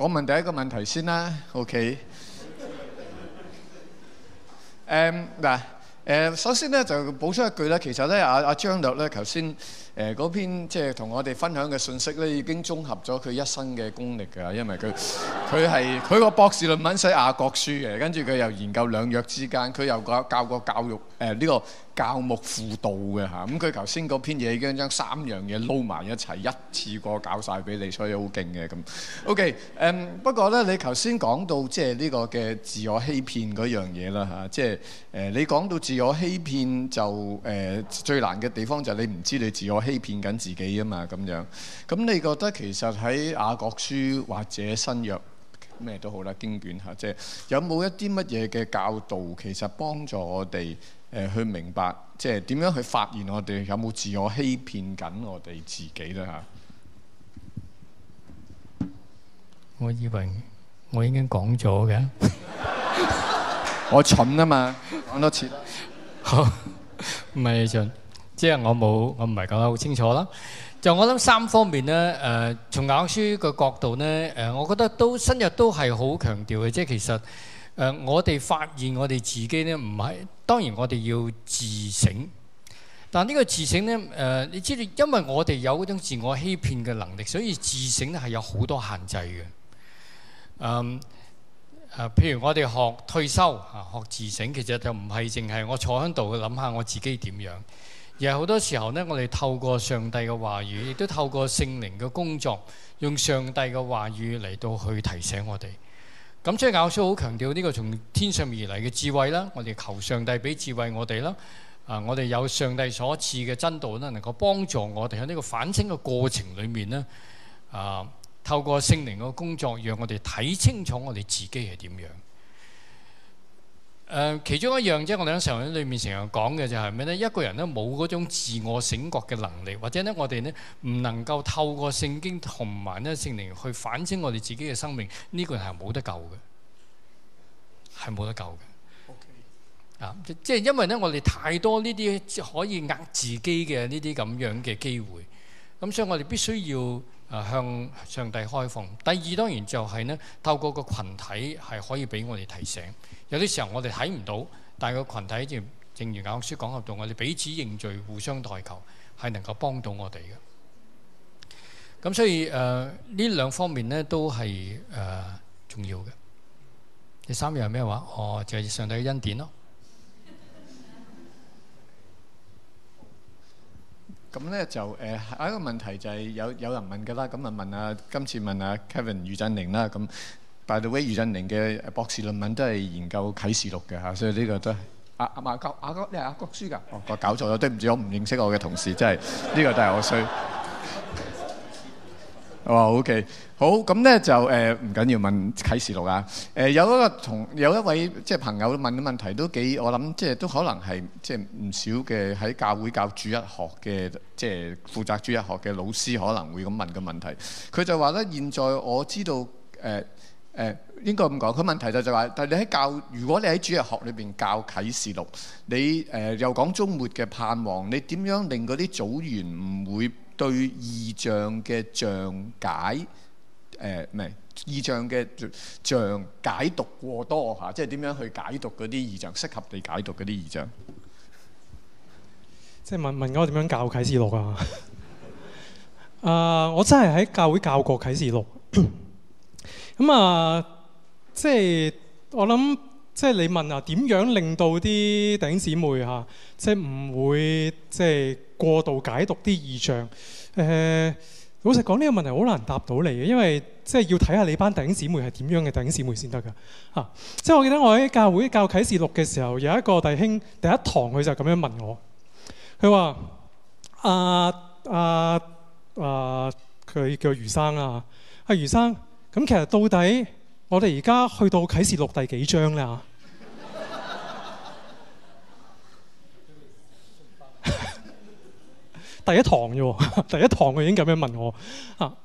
我問第一個問題先啦，OK？誒嗱，首先呢，就補充一句啦，其實呢，阿阿張導呢頭先。誒嗰、呃、篇即係同我哋分享嘅信息咧，已經綜合咗佢一生嘅功力㗎，因為佢佢係佢個博士論文寫雅各書嘅，跟住佢又研究兩約之間，佢又教教過教育誒呢、呃這個教牧輔導嘅嚇，咁佢頭先嗰篇嘢已經將三樣嘢撈埋一齊，一次過搞晒俾你，所以好勁嘅咁。OK，誒、嗯、不過咧，你頭先講到即係呢、這個嘅自我欺騙嗰樣嘢啦嚇，即係誒、呃、你講到自我欺騙就誒、呃、最難嘅地方就係你唔知你自我欺騙緊自己啊嘛，咁樣，咁你覺得其實喺《雅各書》或者《新約》咩都好啦，《經卷》嚇，即係有冇一啲乜嘢嘅教導，其實幫助我哋誒、呃、去明白，即係點樣去發現我哋有冇自我欺騙緊我哋自己咧嚇？我以為我已經講咗嘅，我蠢啊嘛，講多次，好，唔係即係我冇，我唔係講得好清楚啦。就我諗三方面呢，誒、呃，從咬書嘅角度呢，誒、呃，我覺得都深入都係好強調嘅。即係其實誒、呃，我哋發現我哋自己呢唔係，當然我哋要自省，但呢個自省呢，誒、呃，你知道因為我哋有嗰種自我欺騙嘅能力，所以自省咧係有好多限制嘅。嗯，誒、呃，譬如我哋學退休啊，學自省，其實就唔係淨係我坐喺度去諗下我自己點樣。而係好多時候呢，我哋透過上帝嘅話語，亦都透過聖靈嘅工作，用上帝嘅話語嚟到去提醒我哋。咁所以，教叔好強調呢個從天上而嚟嘅智慧啦，我哋求上帝俾智慧我哋啦。啊，我哋有上帝所賜嘅真道啦，能夠幫助我哋喺呢個反省嘅過程裡面咧，啊，透過聖靈嘅工作，讓我哋睇清楚我哋自己係點樣。其中一樣即係我哋喺神經裏面成日講嘅就係咩呢？一個人咧冇嗰種自我醒覺嘅能力，或者咧我哋呢唔能夠透過聖經同埋呢聖靈去反省我哋自己嘅生命，呢個人係冇得救嘅，係冇得救嘅。啊，即係因為咧我哋太多呢啲可以呃自己嘅呢啲咁樣嘅機會。咁所以我哋必須要向上帝開放。第二，當然就係透過個群體係可以俾我哋提醒。有啲時候我哋睇唔到，但是個群體正如雅各書講到，我哋彼此認罪、互相代求，係能夠幫到我哋嘅。所以、呃、這呢兩方面都係、呃、重要嘅。第三樣係咩話？哦，就係、是、上帝嘅恩典囉。咁咧就誒，下一個問題就係有有人問㗎啦，咁啊問啊，今次問啊 Kevin 俞振寧啦，咁 by the way 俞振寧嘅博士論文都係研究啟示錄嘅嚇，所以呢個都係。啊是啊是阿啊嘛啊，你係啊哥讀書㗎？哦？我搞錯咗，對唔住，我唔認識我嘅同事，真係呢 個都係我衰。 哦，OK，好，咁咧就誒唔緊要問啟示錄啊。誒有一個同有一位即係朋友問嘅問題都幾，我諗即係都可能係即係唔少嘅喺教會教主日學嘅即係負責主日學嘅老師可能會咁問嘅問題。佢就話咧，現在我知道誒誒應該咁講，佢問題就就話，但係你喺教如果你喺主日學裏邊教啟示錄，你誒又講終末嘅盼望，你點樣令嗰啲組員唔會？對異象嘅象解，誒唔係異象嘅象解讀過多嚇、啊，即係點樣去解讀嗰啲異象，適合你解讀嗰啲異象。即係問問我點樣教啟示錄啊？啊、 呃，我真係喺教會教過啟示錄。咁、 嗯、啊，即係我諗。即係你問啊，點樣令到啲弟兄姊妹嚇、啊，即係唔會即係過度解讀啲異象？誒、呃，老實講呢、呢個問題好難答到你嘅，因為即係要睇下你班弟兄姊妹係點樣嘅弟兄姊妹先得㗎嚇。即係我記得我喺教會教啟示錄嘅時候，有一個弟兄第一堂佢就咁樣問我，佢話：啊啊啊，佢、啊、叫余生啊。」「嚇，係余生。咁其實到底我哋而家去到啟示錄第幾章咧？第一堂啫，第一堂佢已經咁樣問我啊，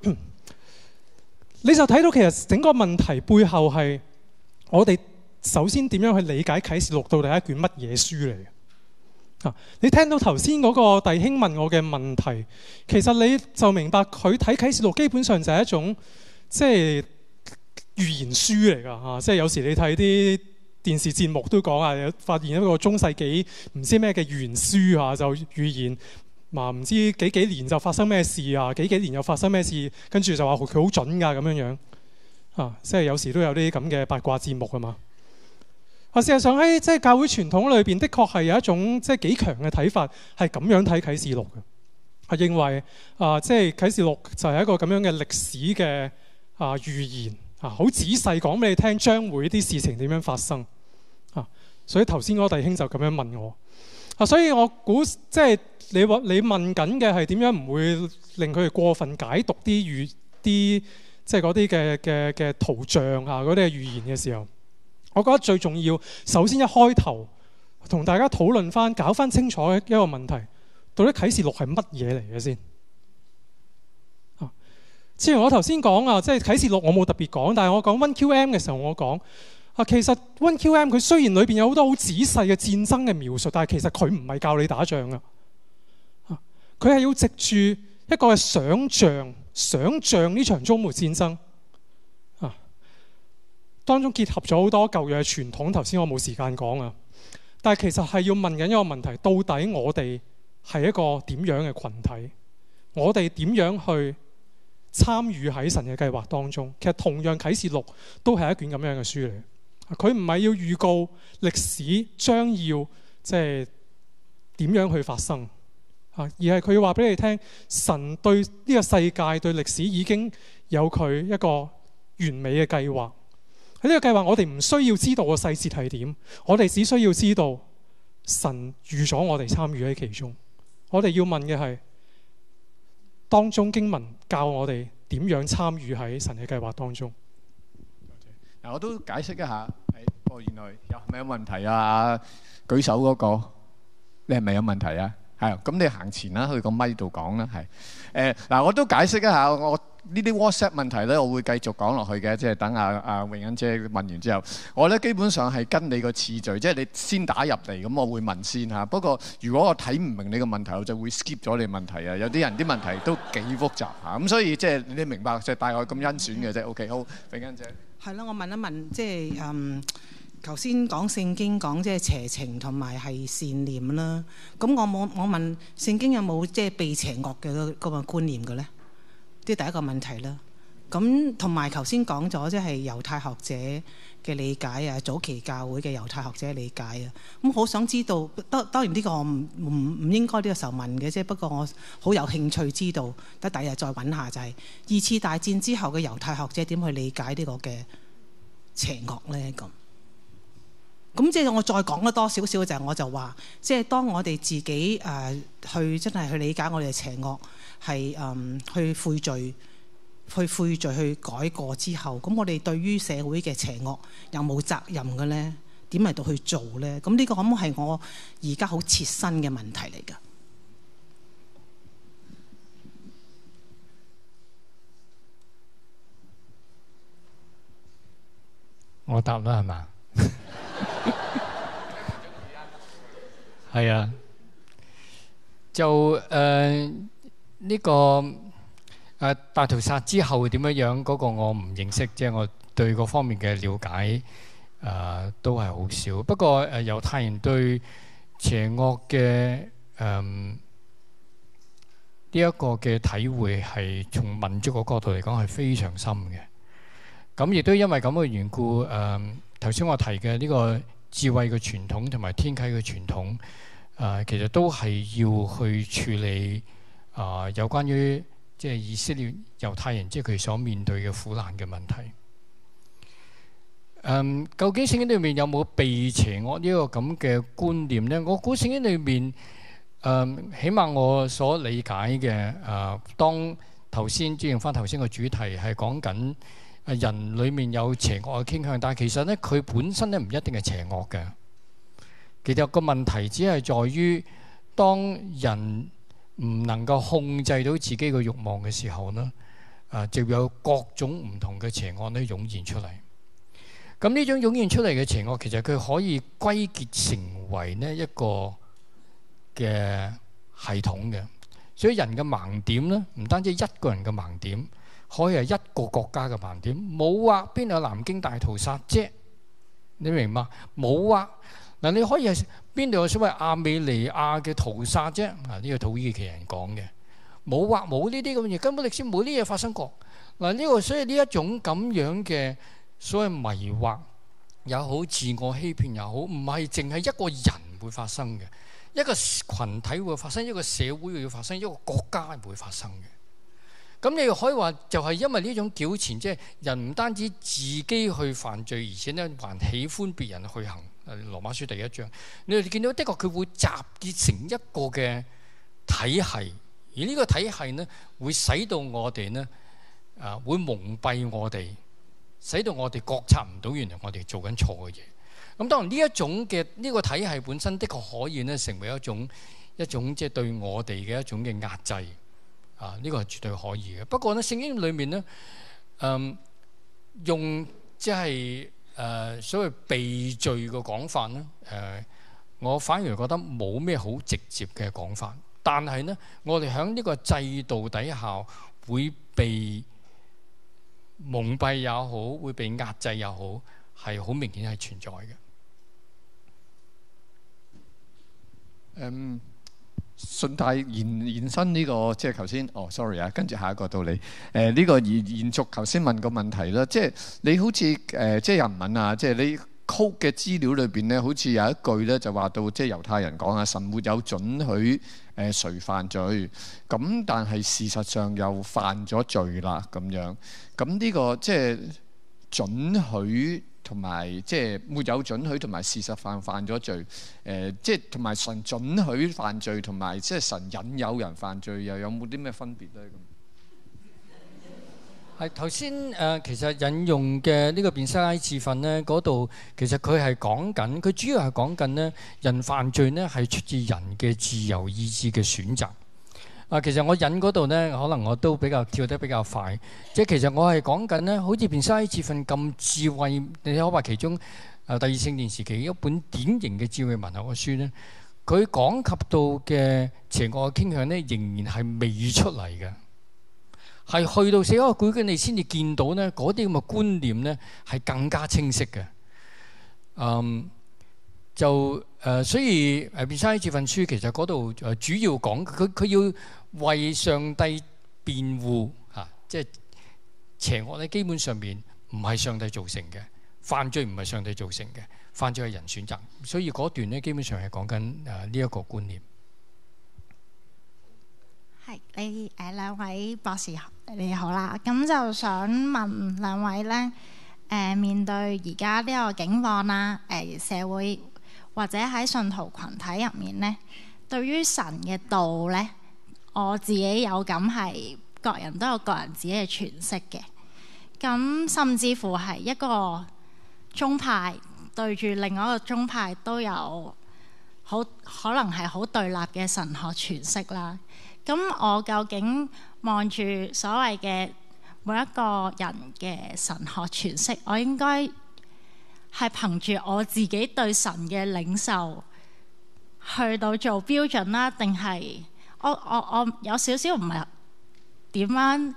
你就睇到其實整個問題背後係我哋首先點樣去理解《啟示錄》到底係一卷乜嘢書嚟？啊，你聽到頭先嗰個弟兄問我嘅問題，其實你就明白佢睇《啟示錄》基本上就係一種即係預言書嚟㗎嚇。即係有時你睇啲電視節目都講啊，發現一個中世紀唔知咩嘅原書啊，就預言。嘛，唔知幾幾年就發生咩事啊？幾幾年又發生咩事？跟住就話佢好準噶咁樣樣啊，即係有時都有啲咁嘅八卦節目係嘛。啊，事實上喺即係教會傳統裏邊的確係有一種即係幾強嘅睇法，係咁樣睇啟示錄嘅，係、啊、認為啊，即係啟示錄就係一個咁樣嘅歷史嘅啊預言啊，好仔細講俾你聽將會啲事情點樣發生啊。所以頭先嗰弟兄就咁樣問我啊，所以我估即係。你話你問緊嘅係點樣，唔會令佢哋過分解讀啲預啲即係啲嘅嘅嘅圖像啊，嗰啲嘅語言嘅時候，我覺得最重要首先一開頭同大家討論翻，搞翻清楚一個問題，到底啟示錄係乜嘢嚟嘅先啊？正如我頭先講啊，即係啟示錄我冇特別講，但係我講 One Q M 嘅時候我，我講啊，其實 One Q M 佢雖然裏面有好多好仔細嘅戰爭嘅描述，但係其實佢唔係教你打仗啊。佢係要藉住一個想象，想象呢場終末戰爭啊，當中結合咗好多舊約嘅傳統。頭先我冇時間講啊，但係其實係要問緊一個問題：到底我哋係一個點樣嘅群體？我哋點樣去參與喺神嘅計劃當中？其實同樣啟示錄都係一卷咁樣嘅書嚟，佢唔係要預告歷史將要即係點樣去發生。啊，而係佢要話俾你聽，神對呢個世界、對歷史已經有佢一個完美嘅計劃。喺呢個計劃，我哋唔需要知道個細節係點，我哋只需要知道神預咗我哋參與喺其中。我哋要問嘅係當中經文教我哋點樣參與喺神嘅計劃當中。嗱，我都解釋一下。誒，哦，原來有咪有問題啊？舉手嗰個，你係咪有問題啊？係，咁你行前啦，去個咪度講啦，係。誒，嗱，我都解釋一下，我呢啲 WhatsApp 問題咧，我會繼續講落去嘅，即係等阿阿榮恩姐問完之後，我咧基本上係跟你個次序，即係你先打入嚟，咁我會問先嚇。不過如果我睇唔明你個問題，我就會 skip 咗你問題啊。有啲人啲問題都幾複雜嚇，咁所以即係你明白，即係大概咁甄選嘅啫。OK，好，榮恩姐。係咯，我問一問，即係嗯。頭先講聖經講即係邪情同埋係善念啦，咁我冇我問聖經有冇即係被邪惡嘅嗰個觀念嘅咧？即係第一個問題啦。咁同埋頭先講咗即係猶太學者嘅理解啊，早期教會嘅猶太學者理解啊。咁好想知道，當當然呢個我唔唔唔應該呢個時候問嘅啫。不過我好有興趣知道，得第日再揾下就係、是、二次大戰之後嘅猶太學者點去理解這個呢個嘅邪惡咧咁。咁即係我再講得多少少就係，我就話，即係當我哋自己誒、呃、去真係去理解我哋嘅邪惡，係誒、嗯、去悔罪、去悔罪去改過之後，咁我哋對於社會嘅邪惡有冇責任嘅咧，點嚟到去做咧？咁呢個咁係我而家好切身嘅問題嚟㗎。我答啦，係嘛？係啊，就誒呢個誒大屠殺之後點樣樣嗰個我唔認識，即係我對嗰方面嘅了解誒都係好少。不過誒猶太人對邪惡嘅誒呢一個嘅體會係從民族嘅角度嚟講係非常深嘅。咁亦都因為咁嘅緣故誒，頭先我提嘅呢個。智慧嘅傳統同埋天啟嘅傳統，誒、呃、其實都係要去處理誒、呃、有關於即係以色列猶太人即係佢所面對嘅苦難嘅問題。嗯，究竟聖經裏面有冇避邪惡呢個咁嘅觀念咧？我估聖經裏面誒、呃，起碼我所理解嘅誒、呃，當頭先轉用返頭先嘅主題係講緊。人裏面有邪惡嘅傾向，但係其實咧，佢本身咧唔一定係邪惡嘅。其實個問題只係在於，當人唔能夠控制到自己嘅慾望嘅時候呢啊，就有各種唔同嘅邪惡咧湧現出嚟。咁呢種湧現出嚟嘅邪惡，其實佢可以歸結成為呢一個嘅系統嘅。所以人嘅盲點咧，唔單止一個人嘅盲點。可以係一個國家嘅盲點，冇話邊度有南京大屠殺啫，你明嗎？冇啊！嗱，你可以係邊度有所謂亞美尼亞嘅屠殺啫？啊，呢個土耳其人講嘅，冇啊，冇呢啲咁嘅嘢，根本歷史冇呢嘢發生過。嗱，呢個所以呢一種咁樣嘅所謂迷惑又好，自我欺騙又好，唔係淨係一個人會發生嘅，一個群體會發生，一個社會會,會發生，一個國家會發生嘅。咁你又可以話，就係因為呢種糾纏，即係人唔單止自己去犯罪，而且咧還喜歡別人去行。羅馬書第一章，你哋見到的確佢會集結成一個嘅體系，而呢個體系咧會使到我哋咧啊會蒙蔽我哋，使到我哋覺察唔到原來我哋做緊錯嘅嘢。咁當然呢一種嘅呢個體系本身的確可以咧成為一種一種即係對我哋嘅一種嘅壓制。啊！呢、這個係絕對可以嘅。不過呢，聖經裏面呢，嗯，用即係誒所謂避罪嘅講法呢，誒、呃，我反而覺得冇咩好直接嘅講法。但係呢，我哋喺呢個制度底下會被蒙蔽也好，會被壓制也好，係好明顯係存在嘅。嗯。信貸延延伸呢、這個即係頭先哦，sorry 啊，跟住下一個道理誒呢個延延續頭先問個問題啦，即、就、係、是、你好似誒即係人民啊，即、就、係、是、你曲嘅資料裏邊咧，好似有一句咧就話到即係、就是、猶太人講啊，神沒有准許誒誰犯罪，咁但係事實上又犯咗罪啦咁樣，咁呢個即係准許。同埋即係沒有准許，同埋事實犯犯咗罪。誒、呃，即係同埋神准許犯罪，同埋即係神引誘人犯罪，又有冇啲咩分別咧？咁係頭先誒，其實引用嘅呢個便西拉智訓咧，嗰度、嗯、其實佢係講緊，佢主要係講緊咧人犯罪咧係出自人嘅自由意志嘅選擇。啊，其實我引嗰度咧，可能我都比較跳得比較快。即係其實我係講緊咧，好似便西拉智訓咁智慧，你可話其中啊第二聖殿時期一本典型嘅智慧文學嘅書咧，佢講及到嘅邪惡傾向咧，仍然係未出嚟嘅，係去到死海古卷你先至見到咧，嗰啲咁嘅觀念咧係更加清晰嘅。嗯，就誒、呃，所以便西拉智訓書其實嗰度誒主要講佢佢要。為上帝辯護吓，即、啊就是，邪惡咧，基本上面唔係上帝造成嘅，犯罪唔係上帝造成嘅，犯罪係人選擇，所以嗰段咧基本上係講緊誒呢一個觀念。係，你，誒兩位博士，你好啦，咁就想問兩位咧誒面對而家呢個境況啦，誒社會或者喺信徒群體入面咧，對於神嘅道咧，我自己有感係，各人都有各人自己嘅詮釋嘅。咁甚至乎係一個宗派對住另外一個宗派都有好可能係好對立嘅神學詮釋啦。咁我究竟望住所謂嘅每一個人嘅神學詮釋，我應該係憑住我自己對神嘅領受去到做標準啦，定係？我我我有少少唔係點樣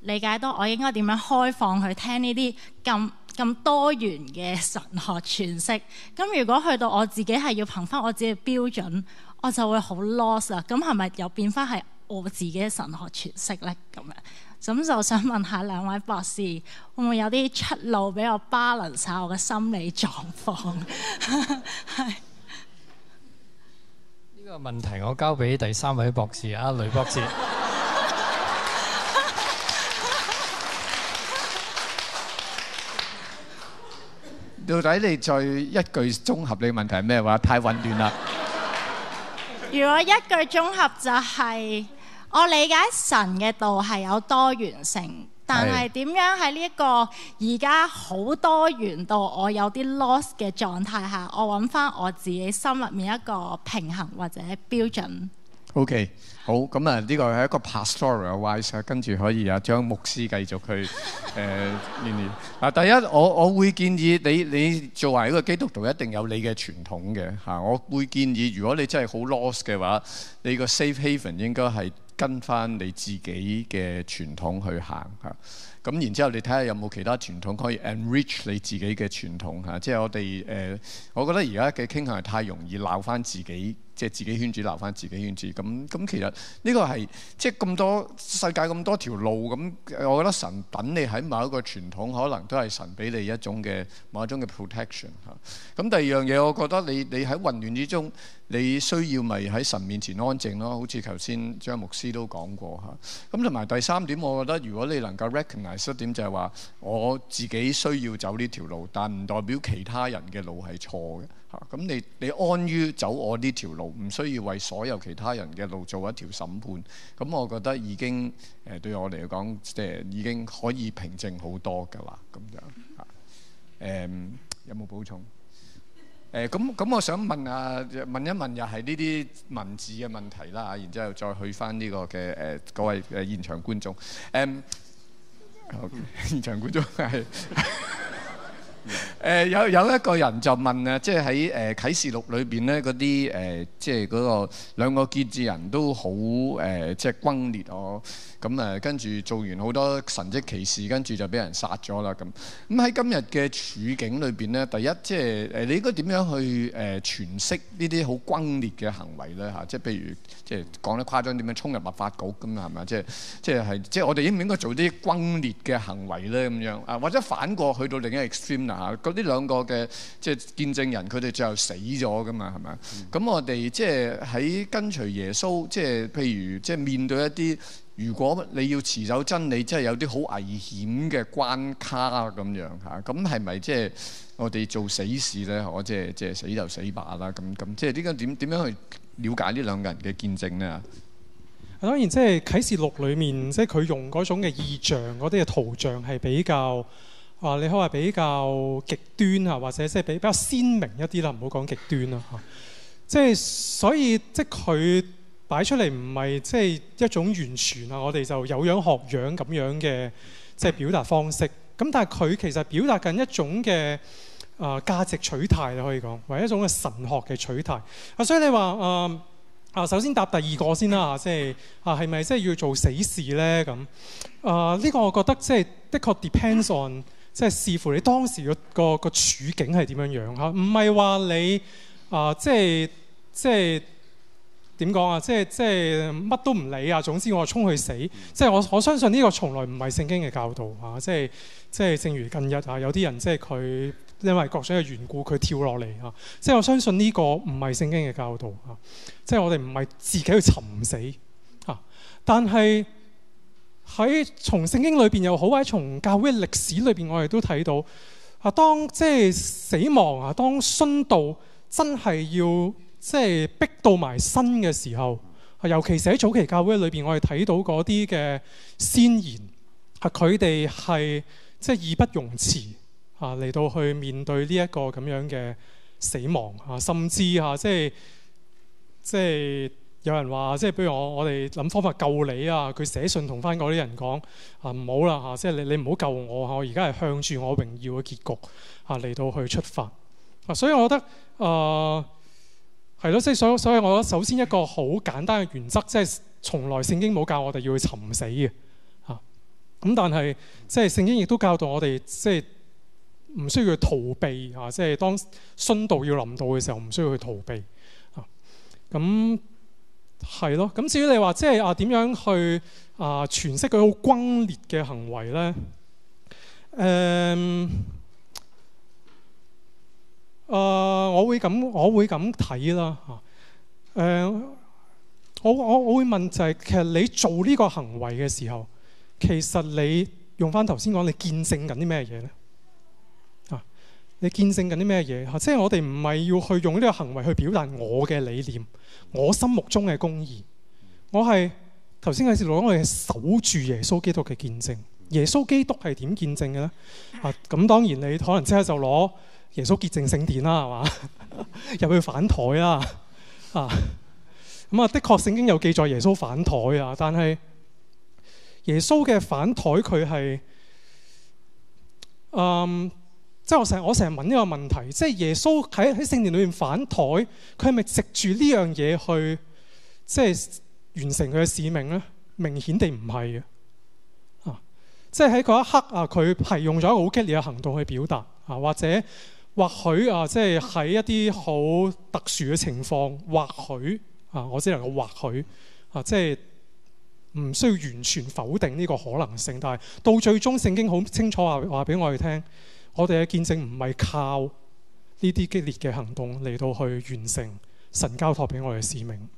理解到我應該點樣開放去聽呢啲咁咁多元嘅神學詮釋？咁如果去到我自己係要憑翻我自己標準，我就會好 lost 啊！咁係咪又變翻係我自己嘅神學詮釋呢？咁樣咁就想問下兩位博士，會唔會有啲出路俾我 balance 晒我嘅心理狀況？係。 個問題我交俾第三位博士啊，雷博士。 到底你再一句綜合你個問題係咩話？太混亂啦！如果一句綜合就係、係、我理解神嘅道係有多元性。但係點樣喺呢一個而家好多元到我有啲 loss 嘅狀態下，我揾翻我自己心入面一個平衡或者標準。OK，好咁啊，呢、嗯這個係一個 pastoral wise，跟住可以啊，將牧師繼續去誒建第一我我會建議你，你作為一個基督徒一定有你嘅傳統嘅嚇。我會建議如果你真係好 loss 嘅話，你個 safe haven 應該係。跟翻你自己嘅傳統去行嚇，咁、啊、然之後你睇下有冇其他傳統可以 enrich 你自己嘅傳統嚇，即、啊、係、就是、我哋誒、呃，我覺得而家嘅傾向係太容易鬧翻自己。即係自己圈子留翻自己圈子，咁咁其實呢個係即係咁多世界，咁多條路咁，我覺得神等你喺某一個傳統，可能都係神俾你一種嘅某一種嘅 protection 吓。咁第二樣嘢，我覺得你你喺混亂之中，你需要咪喺神面前安靜咯。好似頭先張牧師都講過吓。咁同埋第三點，我覺得如果你能夠 recognize 一點，就係話我自己需要走呢條路，但唔代表其他人嘅路係錯嘅。咁、嗯、你你安於走我呢條路，唔需要為所有其他人嘅路做一條審判。咁我覺得已經誒、呃、對我嚟講，即係已經可以平靜好多噶啦。咁樣嚇誒，有冇補充？誒咁咁，我想問啊，問一問又係呢啲文字嘅問題啦。然之後再去翻呢個嘅誒、呃、各位嘅現場觀眾誒，嗯嗯、okay，現場觀眾係。嗯呃、有有一個人就問啊，即喺啟示錄裏面咧，嗰啲誒即係嗰個兩個見證人都好誒，即轟烈哦。咁跟住做完好多神蹟奇事，跟住就俾人殺咗啦咁。咁喺今日嘅處境裏面咧，第一即係你應該點樣去誒詮釋呢啲好轟烈嘅行為咧，即譬如即係講得誇張啲，咩衝入立法局，咁係咪即係即即我哋應唔應該做啲轟烈嘅行為咧咁樣啊？或者反過去到另一 extreme。嗱，嗰啲兩個嘅即係見證人，佢哋最後死咗噶嘛，係咪？咁、嗯、我哋即係喺跟隨耶穌，即係譬如即係面對一啲，如果你要持守真理，即係有啲好危險嘅關卡咁樣嚇，咁係咪即係我哋做死事咧？我即係即係死就死把啦，咁咁，即係呢個點點樣去了解呢兩個人嘅見證咧？當然，即係啟示錄裏面，即係佢用嗰種嘅意象、嗰啲嘅圖像係比較，話你可話比較極端啊，或者即係比比較鮮明一啲啦。唔好講極端啦，嚇，啊，即係所以即係佢擺出嚟唔係即係一種完全啊。我哋就有樣學樣咁樣嘅即係表達方式。咁但係佢其實表達緊一種嘅啊價值取態啦，可以講，或者一種嘅神學嘅取態啊。所以你話啊啊，首先答第二個先啦，即係啊係咪即係要做死事咧咁啊？呢個我覺得即係的確 depends on。即係視乎你當時個個個處境係點樣樣嚇，唔係話你啊、呃，即係即係點講啊？即係即係乜都唔理啊！總之我沖去死，即係我我相信呢個從來唔係聖經嘅教導嚇、啊，即係即係正如近日有些人他覺的他啊，有啲人即係佢因為各種嘅緣故佢跳落嚟嚇，即係我相信呢個唔係聖經嘅教導嚇、啊，即係我哋唔係自己去尋死嚇、啊，但係。喺從聖經裏邊又好，或者從教會歷史裏邊，我哋都睇到啊，當即係死亡啊，當殉道真係要即係逼到埋身嘅時候，尤其係喺早期教會裏邊，我哋睇到嗰啲嘅先賢，啊，佢哋係即係義不容辭啊，嚟到去面對呢一個咁樣嘅死亡啊，甚至乎，即係即係。有人話，即係比如我，我哋諗方法救你啊。佢寫信同返嗰啲人講啊，唔好啦嚇，即係你你唔好救我嚇。我而家係向住我榮耀嘅結局啊嚟到去出發啊。所以我覺得啊，呃，係咯，即係所所以，我覺得，首先一個好簡單嘅原則，即係從來聖經冇教我哋要去尋死嘅嚇。咁但係即係聖經亦都教導我哋，即係唔需要去逃避嚇。即係當殉道要臨到嘅時候，唔需要去逃避嚇。咁。係咯，咁至於你話即係啊點樣去啊詮釋佢好轟烈嘅行為咧、嗯啊？我會咁，我會咁睇啦，我我我會問就係、是、其實你做呢個行為嘅時候，其實你用翻頭先講，你見證緊啲咩嘢咧？你見證緊啲咩嘢？即係我哋唔係要去用呢個行為去表達我嘅理念，我心目中嘅公義。我係頭先係講我係守住耶穌基督嘅見證。耶穌基督係點見證嘅咧？啊，咁當然你可能即刻就攞耶穌潔淨聖殿啦，係嘛？入去反台啦，啊，咁啊的確聖經有記載耶穌反台啊，但係耶穌嘅反台佢係，嗯。即係我成我成日問呢個問題，即係耶穌喺喺聖殿裏面反台，佢係咪藉住呢樣嘢去即係完成佢嘅使命咧？明顯地唔係嘅啊！即係喺嗰一刻啊，佢係用咗一個好激烈嘅行動去表達啊，或者或許啊，即係喺一啲好特殊嘅情況，或許啊，我只能夠或許啊，即係唔需要完全否定呢個可能性，但係到最終聖經好清楚話話俾我哋聽。我哋嘅見證唔係靠呢啲激烈嘅行動嚟到去完成神交託俾我嘅使命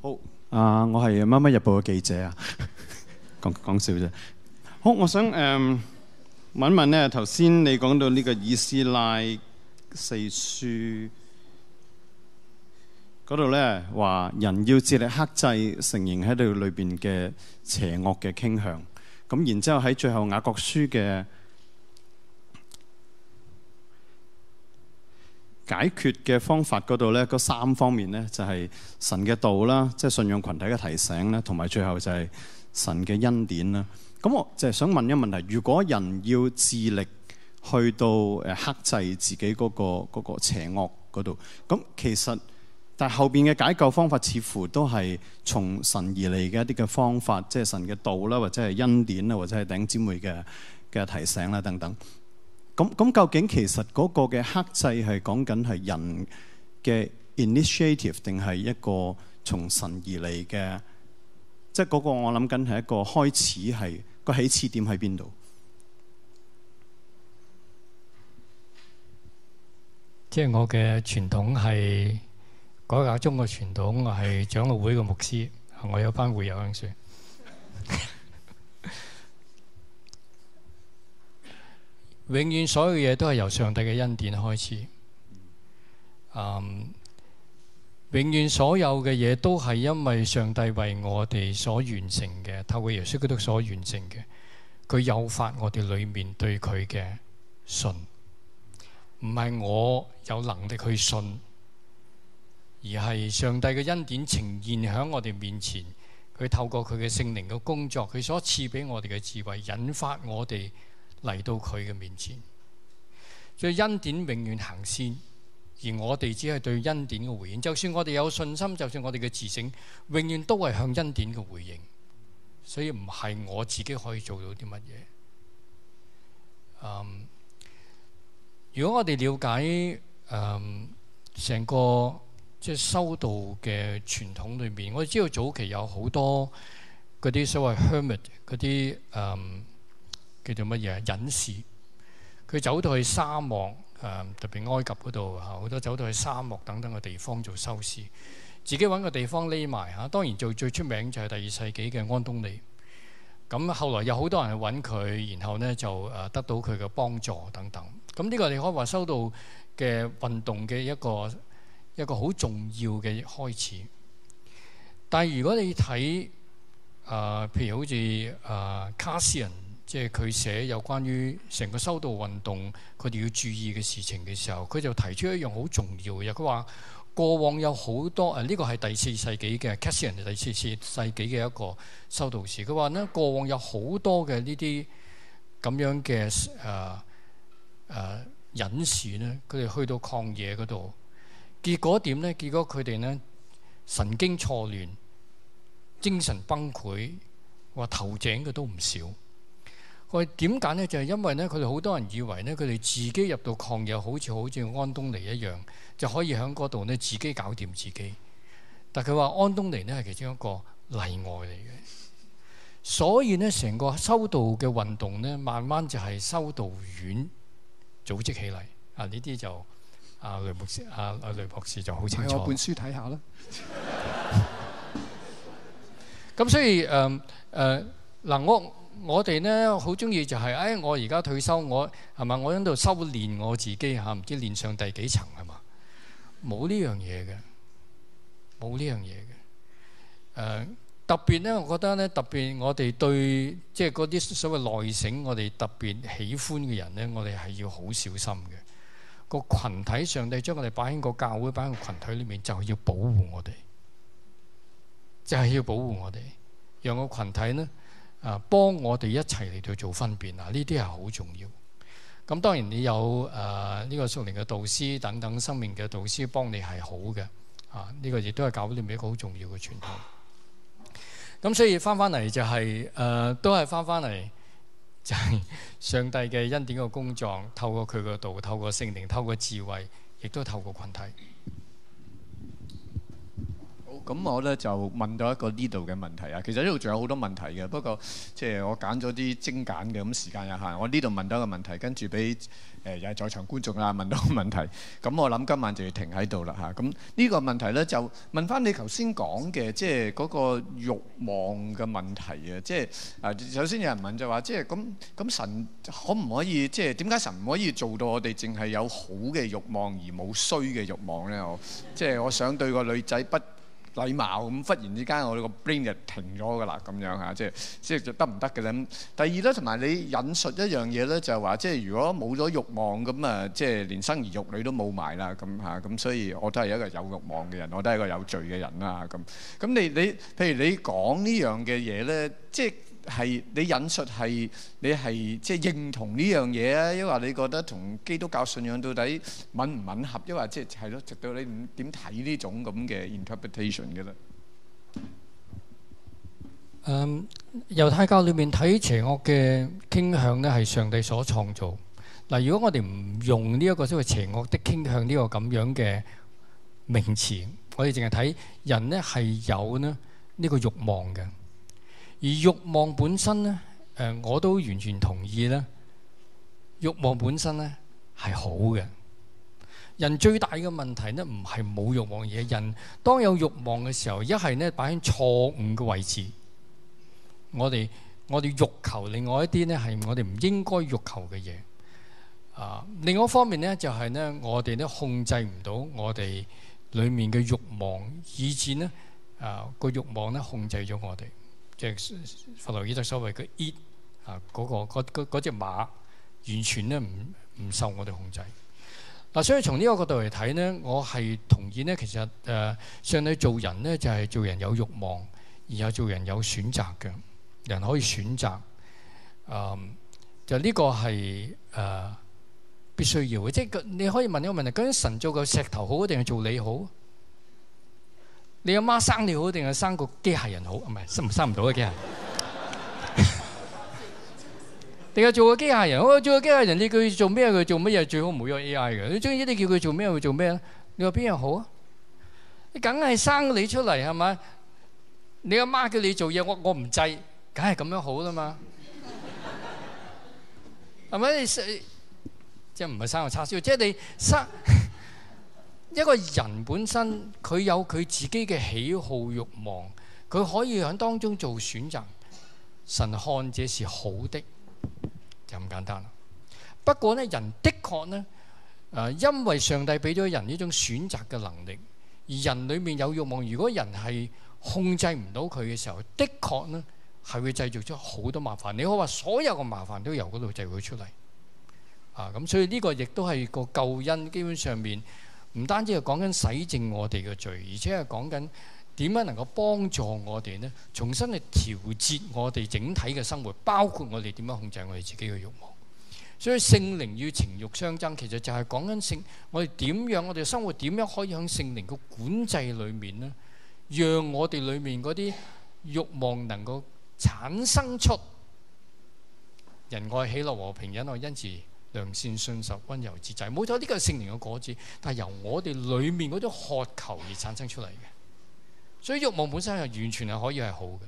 好。好啊、呃，我係《乜乜日報》嘅記者啊， 講講笑啫。好，我想誒、呃、問一問咧，頭先你講到呢、這個以斯拉四書嗰度呢，話人要竭力克制，承認喺度裏面嘅邪惡嘅傾向。咁然之後喺最後雅各書嘅解決嘅方法嗰度呢，嗰三方面呢，就係神嘅道啦，即係信仰群體嘅提醒啦，同埋最後就係神嘅恩典啦。咁我即係想問一問題：如果人要致力去到誒克制自己嗰個嗰個邪惡嗰度，咁其實？但後邊嘅解救方法似乎都係從神而嚟嘅一啲嘅方法，即係神嘅道啦，或者係恩典啊，或者係弟兄姊妹嘅嘅提醒啦等等。咁咁究竟其實嗰個嘅克制係講緊係人嘅 initiative，定係一個從神而嚟嘅？即係嗰個我諗緊係一個開始係個起始點喺邊度？即係我嘅傳統係，改革中國傳統係長老會嘅牧師，我有一班會友咁說： 永遠所有嘢都係由上帝嘅恩典開始。Um, 永遠所有嘅嘢都係因為上帝為我哋所完成嘅，透過耶穌基督所完成嘅，佢誘發我哋裏面對佢嘅信，唔係我有能力去信。而係上帝嘅恩典呈現喺我哋面前，佢透過佢嘅聖靈嘅工作，佢所賜俾我哋嘅智慧，引發我哋嚟到佢嘅面前。所以恩典永遠行先，而我哋只係對恩典嘅回應。就算我哋有信心，就算我哋嘅自省，永遠都係向恩典嘅回應。所以唔係我自己可以做到啲乜嘢。如果我哋了解嗯、成個，即係修道嘅傳統裏面，我哋知道早期有好多嗰啲所謂 hermit 嗰啲誒、嗯、叫做乜嘢啊隱士，佢走到去沙漠誒，特別埃及嗰度啊，好多走到去沙漠等等嘅地方做修士，自己揾個地方匿埋嚇。當然做最出名就係第二世紀嘅安東尼，咁後來有好多人去揾佢，然後呢就誒得到佢嘅幫助等等。咁、這、呢個你可以話修道嘅運動嘅一個。一個好重要嘅開始，但係如果你睇啊、呃，譬如好似啊卡斯人，即係佢寫有關於成個修道運動，佢哋要注意嘅事情嘅時候，佢就提出一樣好重要嘅嘢。佢話過往有好多啊，呢、呃這個係第四世紀嘅卡斯人，第四世紀嘅一個修道士。佢話呢過往有好多嘅、呃呃、呢啲咁樣嘅啊啊隱士咧，佢哋去到曠野嗰度。結果點呢？結果佢哋呢，神經錯亂、精神崩潰，話頭頸嘅都唔少。佢點解呢？就係、是、因為呢，佢哋好多人以為呢，佢哋自己入到曠野好似好似安東尼一樣，就可以喺嗰度呢自己搞掂自己。但佢話安東尼呢係其中一個例外嚟嘅，所以呢，成個修道嘅運動呢，慢慢就係修道院組織起嚟啊！呢啲就。啊，雷博士，啊啊，雷博士就好清楚。攞本書睇下啦。咁所以誒誒嗱，我我哋咧好中意就係、是、誒、哎、我而家退休，我係嘛，我喺度修煉我自己吓唔、啊、知練上第幾層係嘛？冇呢樣嘢嘅，冇呢樣嘢嘅。誒、呃、特別咧，我覺得咧，特別我哋對即係啲所謂內省，我哋特別喜歡嘅人咧，我哋係要好小心嘅。個群體，上帝將我哋擺喺個教會，擺喺個群體裏面，就係要保護我哋，就係要保護我哋，讓個群體呢，啊，幫我哋一齊嚟到做分辨啊！呢啲係好重要。咁當然你有誒呢、呃這個屬靈嘅導師等等，生命嘅導師幫你係好嘅啊！呢、這個亦都係教會裏面一個好重要嘅傳統。咁所以翻翻嚟就係、是、誒、呃，都係翻翻嚟。就係上帝嘅恩典嘅工作，透過佢嘅道，透過聖靈，透過智慧，亦都透過群體。咁我咧就問到一個呢度嘅問題啊，其實呢度仲有好多問題嘅，不過即係、就是、我揀咗啲精簡嘅，咁時間有限，我呢度問到一個問題，跟住俾誒又係在場觀眾啦問到個問題，咁我諗今晚就要停喺度啦嚇。咁、啊、呢個問題呢，就問翻你頭先講嘅，即係嗰個慾望嘅問題、就是、啊，即係啊首先有人問就話，即係咁咁神可唔可以即係點解神唔可以做到我哋淨係有好嘅慾望而冇衰嘅慾望呢？我」我即係我想對個女仔不。禮貌咁忽然之間，我個 brain 就停咗㗎啦，咁樣嚇，即係即係就得唔得嘅咧？第二咧，同埋你引述一樣嘢咧，就係話即係如果冇咗欲望，咁啊，即係連生兒育女都冇埋啦，咁嚇，咁所以我都係一個有欲望嘅人，我都係一個有罪嘅人啦，咁。咁你你，譬如你講呢樣嘅嘢咧，即係。係你引述係你係即係認同呢樣嘢啊？抑或你覺得同基督教信仰到底吻唔吻合？抑或即係係咯，直到你點點睇呢種咁嘅 interpretation 嘅咧？誒，猶太教裏面睇邪惡嘅傾向咧，係上帝所創造。嗱，如果我哋唔用呢一個所謂邪惡的傾向呢個咁樣嘅名詞，我哋淨係睇人咧係有咧呢個慾望嘅。而欲望本身呢，我都完全同意呢。欲望本身呢，係好嘅。人最大嘅問題呢，唔係冇欲望嘅嘢。人當有欲望嘅時候，一係呢擺喺錯誤嘅位置。我哋我哋欲求另外一啲呢，係我哋唔應該欲求嘅嘢啊。另外一方面呢，就係、是、呢，我哋都控制唔到我哋裡面嘅欲望，以致呢，啊個欲望呢控制咗我哋。嘅佛洛伊德所謂嘅 E 啊，嗰個嗰隻馬完全咧唔唔受我哋控制。嗱，所以從呢個角度嚟睇咧，我係同意咧。其實誒、呃，上帝做人咧就係、是、做人有欲望，然後做人有選擇嘅，人可以選擇。啊、嗯，就呢個係誒、呃、必須要嘅，即係你可以問一個問題：究竟神做個石頭好，定係做你好？你阿媽生你好定係生個機械人好？唔係生唔生唔到嘅機械人？定係做個機械人？我做個機械人，你叫佢做咩？佢做乜嘢？最好唔好有 AI 嘅。你中意呢啲叫佢做咩？佢做咩？你話邊樣好啊？你梗係生你出嚟係咪？你阿媽叫你做嘢，我我唔制，梗係咁樣好啦嘛。係咪即係唔係生個叉燒？即係你生。一個人本身佢有佢自己嘅喜好欲望，佢可以響當中做選擇，神看著是好的，就咁簡單啦。不過呢，人的確呢，誒、呃，因為上帝俾咗人呢種選擇嘅能力，而人裏面有欲望。如果人係控制唔到佢嘅時候，的確呢，係會製造出好多麻煩。你可以話所有嘅麻煩都由嗰度製造出嚟啊。咁所以呢個亦都係個救恩，基本上面。唔單止係講緊洗淨我哋嘅罪，而且係講緊點樣能夠幫助我哋咧，重新去調節我哋整體嘅生活，包括我哋點樣控制我哋自己嘅欲望。所以聖靈與情慾相爭，其實就係講緊聖我哋點樣，我哋生活點樣可以喺聖靈嘅管制裏面呢，讓我哋裏面嗰啲欲望能夠產生出仁愛、喜樂、和平、忍耐、恩慈、良善、信實、温柔、節制，冇錯，呢個係聖靈嘅果子，但係由我哋裏面嗰種渴求而產生出嚟嘅。所以欲望本身係完全係可以係好嘅。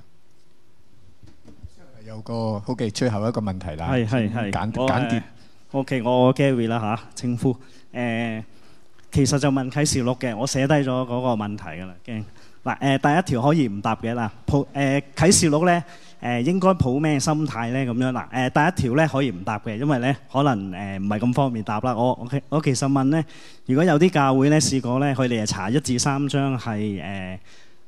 有個好 k、OK，最後一個問題啦，係係是請簡我簡潔介。OK，我，我 Gary 啦嚇稱呼。誒、呃，其實就問啟示錄嘅，我寫低咗嗰個問題噶啦。嗱誒，第、呃、一條可以唔答嘅啦。抱誒、呃、啟示錄咧，誒、呃、應該抱咩心態咧？咁樣啦誒，第、呃、一條咧可以唔答嘅，因為咧可能誒唔係咁方便答啦。我我我其實問咧，如果有啲教會咧試過咧，佢哋誒查一至三章係誒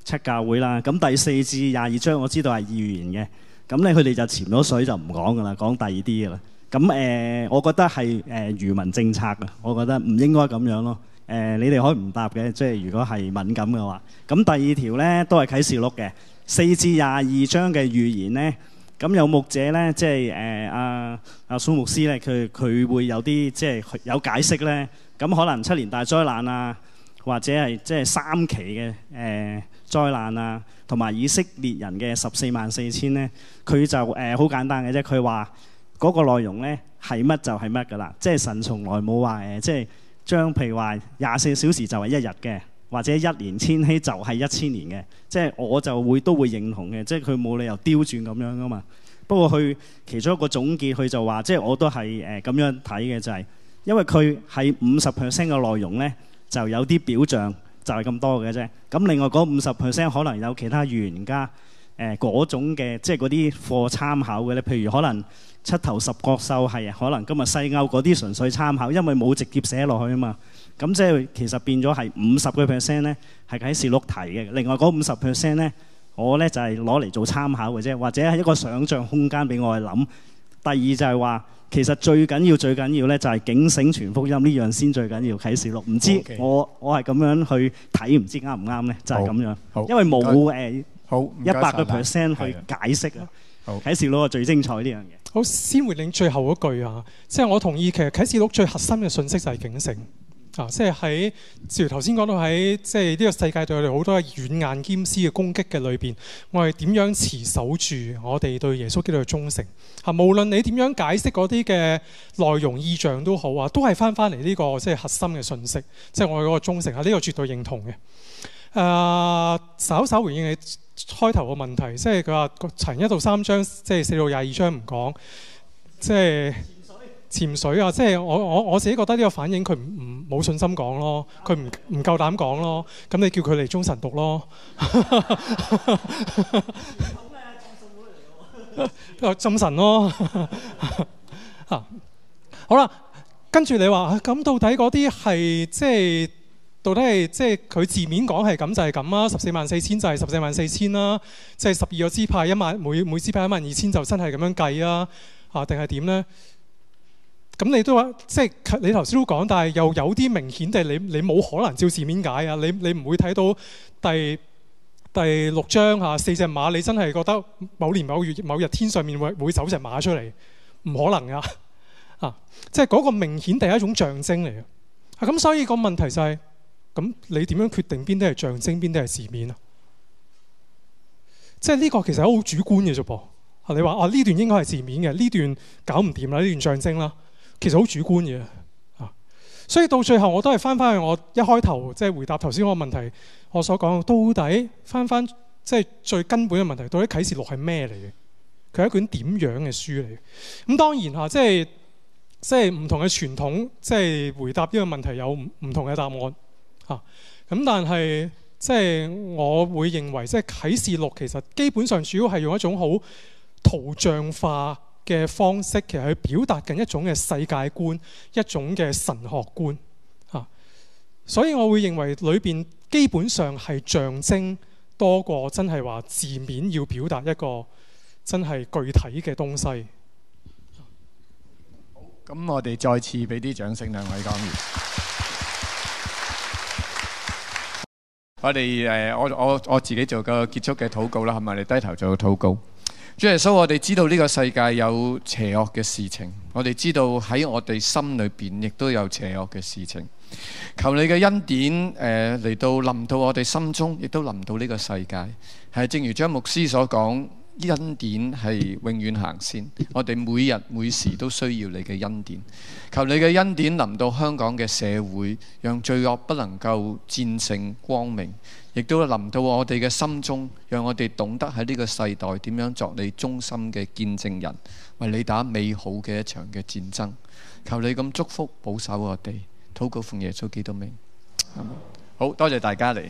七教會啦，咁第四至廿二章我知道係異言嘅，咁咧佢哋就潛咗水就唔講噶啦，講第二啲噶啦。咁誒、呃，我覺得係誒、呃、愚民政策啊，我覺得唔應該咁樣咯。誒、呃，你哋可以唔答嘅，即係如果係敏感嘅話。咁第二條咧，都係啟示錄嘅四至廿二章嘅預言咧。咁有牧者咧，即係誒阿阿蘇牧師咧，佢、呃、佢、啊啊、會有啲即係有解釋咧。咁可能七年大災難啊，或者係即係三期嘅誒、呃、災難啊，同埋以色列人嘅十四萬四千咧，佢就誒好、呃、簡單嘅啫。佢話嗰個內容咧係乜就係乜㗎喇，即係神從來冇話誒，即係。將譬如話廿四小時就係一日嘅，或者一年千禧就係一千年嘅，即係我就會都會認同嘅，即係佢冇理由調轉咁樣噶嘛。不過佢其中一個總結，佢就話即係我都係誒咁樣睇嘅、就係，就係因為佢係五十 percent 嘅內容咧，就有啲表象就係咁多嘅啫。咁另外嗰五十 percent 可能有其他原家。誒嗰、呃、種嘅，即係嗰啲課參考嘅咧，譬如可能七頭十角獸係，可能今日西歐嗰啲純粹參考，因為冇直接寫落去啊嘛。咁即係其實變咗係五十個 percent 咧，係啟示錄提嘅。另外嗰五十 percent 咧，我咧就係攞嚟做參考嘅啫，或者係一個想像空間俾我去諗。第二就係話，其實最緊要、最緊要咧，就係警醒全福音呢樣先最緊要啟示錄。唔知道 Okay. 我我係咁樣去睇，唔知啱唔啱咧？就係、是、咁樣，好好因為冇誒。乾欸好，一百個 percent 去解釋啊！好啟示錄啊，最精彩呢樣嘢。好，先回應最後一句啊，即係我同意，其實啟示錄最核心嘅信息就係警醒啊！即係喺，譬如頭先講到喺，即係呢個世界對我哋好多嘅軟硬兼施嘅攻擊嘅裏邊，我係點樣持守住我哋對耶穌基督嘅忠誠啊？無論你點樣解釋嗰啲嘅內容意象都好啊，都係翻返嚟呢個即係、就是、核心嘅信息，即、就、係、是、我哋嗰個忠誠啊！呢、這個絕對認同嘅。誒，uh, 稍稍回應你開頭個問題，即係佢話陳一到三章，即、就、係、是、四到廿二,二章唔講，即、就、係、是、潛水啊！即係水、就是、我我我自己覺得呢個反應，佢唔唔冇信心講 神咯，佢唔唔夠膽講咯，咁你叫佢嚟中神讀咯。浸神啊？咯。好啦，跟住你話咁到底嗰啲係即係。就是到底係即係佢字面講係咁就係、是、咁啊，十四萬四千就係十四萬四千啦，即係十二個支派一萬每每支派一萬二千就真係咁樣計啊，嚇定係點呢？咁你剛才都話即係你頭先都講，但係又有啲明顯地你，你你冇可能照字面解啊。你你唔會睇到第第六章嚇、啊、四隻馬，你真係覺得某年某月某日天上面會會走隻馬出嚟，唔可能㗎嚇、啊。即係嗰個明顯係一種象徵嚟嘅咁，所以個問題就係、是。咁你點樣決定邊啲係象徵，邊啲係字面啊？即係呢個其實好主觀嘅，啫噃。你話啊呢段應該係字面嘅，呢段搞唔掂啦，呢段象徵啦，其實好主觀嘅啊。所以到最後我都係翻翻去我一開頭即係回答頭先嗰個問題，我所講到底翻翻即係最根本嘅問題，到底啟示錄係咩嚟嘅？佢係一本點樣嘅書嚟嘅？咁當然吓，即係即係唔同嘅傳統，即係回答呢個問題有唔同嘅答案。啊，咁但係即係我會認為，即係啟示錄其實基本上主要係用一種好圖像化嘅方式，其實去表達緊一種嘅世界觀、一種嘅神學觀。啊，所以我會認為裏邊基本上係象徵多過真係話字面要表達一個真係具體嘅東西。好，咁我哋再次俾啲掌聲兩位講員。我哋誒，我我我自己做個結束嘅禱告啦，係咪？你低頭做個禱告。主耶穌，我哋知道呢個世界有邪惡嘅事情，我哋知道喺我哋心裏邊亦都有邪惡嘅事情。求你嘅恩典誒嚟，到臨到我哋心中，亦都臨到呢個世界。係正如張牧師所講。恩典係永遠行先，我哋每日每時都需要你嘅恩典。求你嘅恩典臨到香港嘅社會，讓罪惡不能夠戰勝光明，亦都臨到我哋嘅心中，讓我哋懂得喺呢個世代點樣作你忠心嘅見證人，為你打美好嘅一場嘅戰爭。求你咁祝福保守我哋，禱告奉耶穌基督名，嗯、好多謝大家嚟。